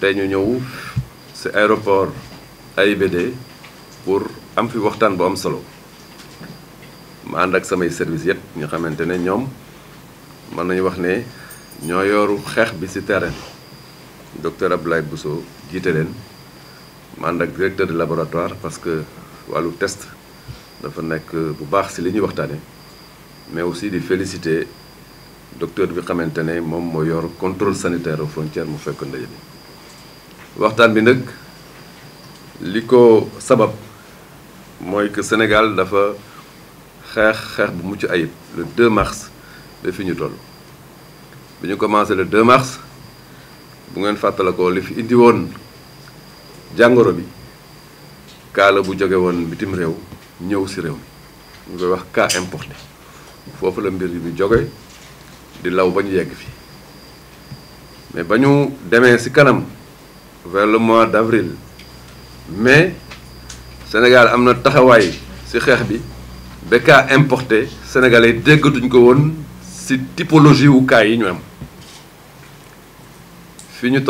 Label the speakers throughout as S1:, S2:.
S1: tey ñu ñëw ci aéroport AIBD pour am fi waxtaan bu am solo ma ànd ak samay service yëpp ñu xamante ne ñoom mën nañu wax ne ñoo yoru xeex bi ci terrain docteur Abdoulaye Bousso jiite leen ma ànd ak directeur de laboratoire parce que wàllu test dafa nekk bu baax ci li ñuy waxtaane mais aussi di féliciter docteur bi xamante ne moom moo yor contrôle sanitaire aux frontières mu fekk ndaje bi waxtaan bi nag liko ko sabab mooy que Sénégal dafa xeex xeex bu mucc ayib le 2 mars ba fi ñu toll bi commencé le 2 mars bu ngeen fàttalikoo li fi indi woon jàngoro bi kaala bu jóge woon bitim réew ñëw si réew mi ñu koy wax cas importé foofu la mbir mi jóge di law ba ñu yegg fi mais ba ñu demee kanam vers le mois d'avril mais Sénégal a na taxawaay ci xeex bi ba cas importé sénégalais déggatuñ ko woon ci typologie ou cas yi ñu am fi ñu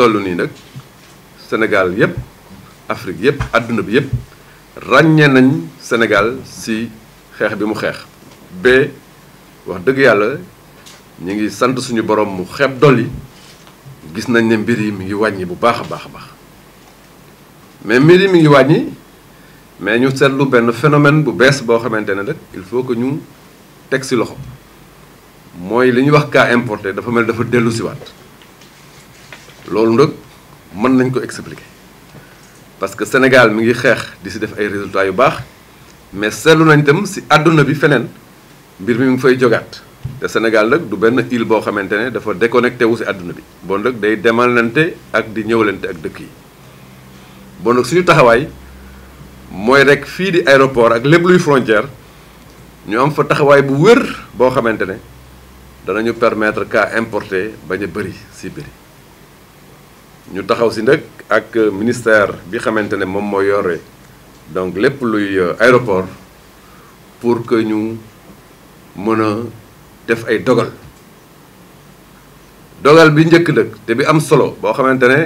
S1: Sénégal yépp Afrique yépp Aduna, bi yépp nañ Sénégal ci xex bi mu xex b wax dëgg yàlla ñi ngi sant suñu borom mu xeeb doli gis nañ ne mbir yi mi ngi wàññi bu baax a baax a baax mais mbir yi mi ngi wàññi mais ñu seetlu benn phénomène bu bees boo xamante ne nag il faut que ñu teg si loxo mooy li ñuy wax kaa importé dafa mel dafa dellu si waat loolu nag mën nañ ko expliquer parce que Sénégal mi ngi xeex di si def ay résultats yu baax mais seetlu nañ tam si àdduna bi feneen mbir mi mu ngi fay jogaat. te Sénégal nag du benn île boo xamante ne dafa déconnecté wu si àdduna bi bon nag day demalante ak di ñëwalante ak dëkk yi bon nag suñu taxawaay mooy rek fii di aéroport ak lépp luy frontière ñu am fa taxawaay bu wér boo xamante ne danañu permettre cas importé bañ a bëri si bëri ñu taxaw si nag ak ministère bi xamante ne moom moo yore donc lépp luy euh, aéroport pour que ñu mën a def ay dogal dogal bi njëkk nag te bi am solo boo xamante ne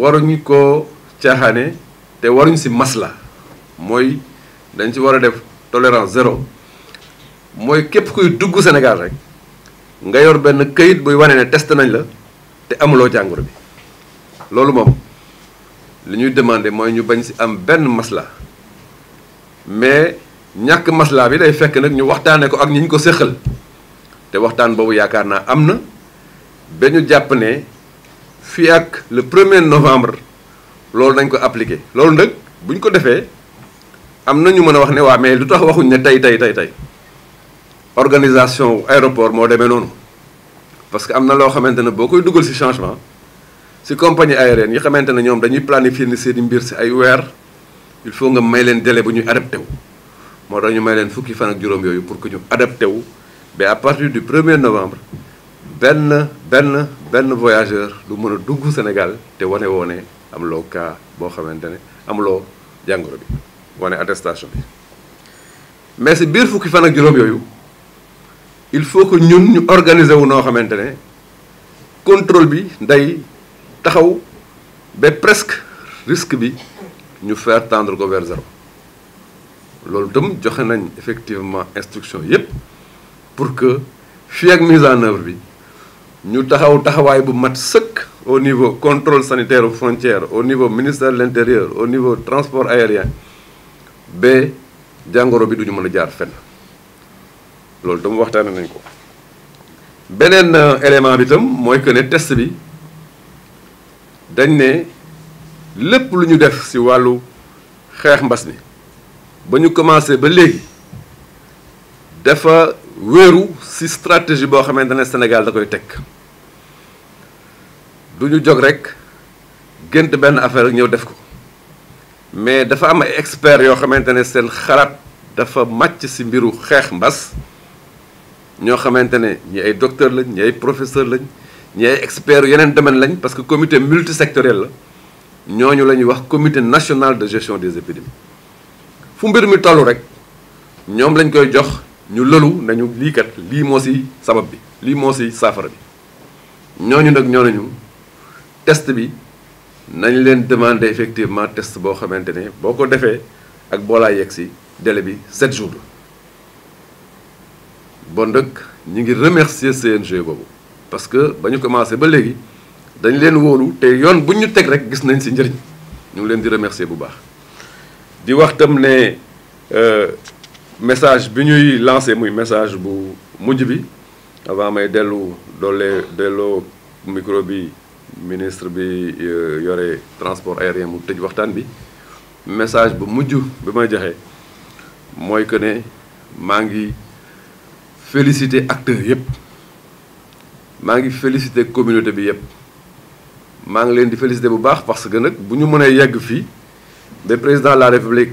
S1: waruñu koo caaxaane te waruñu ci masla mooy dañ ci war a def tolérance zéro mooy képp kuy dugg Sénégal rek nga yor benn kayit buy wane ne test nañ la te amuloo jàngoro bi loolu moom li ñuy demandé mooy ñu bañ ci am benn masla mais ñàkk maslaa bi day fekk nag ñu waxtaanee ko ak ñi ñu ko séqal te waxtaan boobu yaakaar naa am na ba ñu jàpp ne fii ak le premier novembre loolu nañ ko appliqué. loolu nag buñ ko defee am na ñu mën a wax ne waa mais lu tax waxuñ ne tey tey tey tey organisation aéroport moo demee noonu parce que am na loo xamante ne boo koy dugal ci changement ci compagnie aérienne yi xamante ne ñoom dañuy planifier ni seeni mbir ci ay weer il faut nga may leen délai bu ñuy adapté wu moo tax ñu may leen fukki fan ak juróom yooyu pour que ñu adapté wu ba à partir du 1er novembre benn benn benn voyageur du mën a dugg Sénégal te wane woone amuloo cas boo xamante ne amuloo jàngoro bi wane attestation bi mais si biir fukki fan ak juróom yooyu il faut que ñun ñu organiser wu noo xamante ne contrôle bi nday taxaw ba presque risque bi ñu faire tendre ko vers loolu tam joxe nañ effectivement instruction yépp pour que fii ak mise en œuvre bi ñu taxaw taxawaay bu mat sëkk au niveau contrôle sanitaire aux frontières au niveau ministère de l'intérieur au niveau transport aérien ba jàngoro bi duñu mën a jaar fenn loolu tam waxtaane nañ ko beneen euh, élément bi itam mooy que ne test bi dañ ne lépp lu ñu def ci wàllu xeex mbas mi ba ñu commencé ba léegi dafa wéeru ci stratégie boo xamante ne Sénégal da koy teg du ñu jóg rek gént benn affaire ñëw def ko mais dafa am ay experts yoo xamante ne seen xalaat dafa màcc ci mbiru xeex mbas ñoo xamante ne ñi ay docteur lañ ñi ay professeur lañ ñi ay experts yeneen domaine lañ parce que comité multisectoriel la ñooñu la ñuy wax comité national de gestion des épidémies fu mbir mi tollu rek ñoom lañ koy jox ñu lëlu nañu lii kat lii moo si sabab bi lii moo si saafara bi ñooñu nag ñoo nañu test bi nañ leen demande effectivement test boo xamante ne boo ko defee ak boo laa yegg si délai bi 7 jours la bon nag ñi ngi remercier CNG boobu parce que ba ñu commencé ba léegi dañ leen wóolu te yoon bu ñu teg rek gis nañ si njëriñ ñu ngi leen di remercier bu baax di wax tam ne euh, message bi ñuy lancé muy message bu mujj bi avant may dellu doole delloo micro bi ministre bi euh, yore transport aérien mu tëj waxtaan bi message bu mujj bi may joxe que ne maa ngi féliciter acteurs yépp maa ngi féliciter communauté bi yépp maa ngi leen di féliciter bu baax parce que nag bu ñu mënee yegg fii le président de la république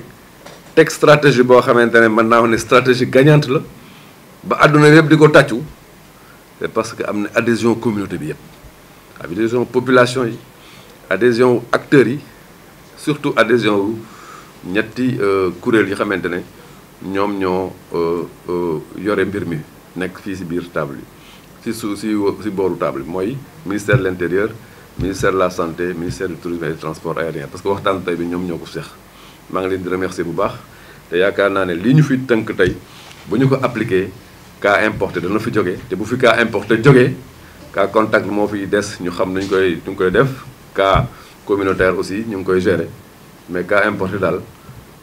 S1: texte stratégie bo xamantene maintenant une stratégie gagnante la ba aduna yeb diko ko c'est parce que am adhésion communauté bi yeb adhésion population yi adhésion acteurs yi surtout adhésion ñetti qui euh, courel yi ñom ne euh euh yoré mbir mi nek fi ci bir table bi ci ci si table moy ministère de l'intérieur ministère de la santé ministère du tourisme et du transport aérien parce que waxtaan tey bi ñoom ñoo ko seex maa ngi di remercier bu baax te yaakaar naa ne li ñu fi tënk nous bu ko appliqué cas importé dañu fi joggé té bu fi cas importé joggé cas contact mo fi des ñu xam nañu koy ñu koy def cas communautaire aussi ñu koy gérer mais cas importé dal.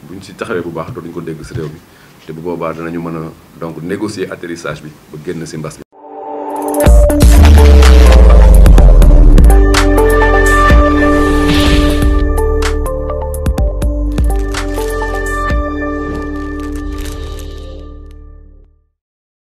S1: buñ ci taxawé bu baax dootuñu ko dégg ci réew bi té bu boba dañu mëna donc négocier atterrissage bi bu génn ci mbass bi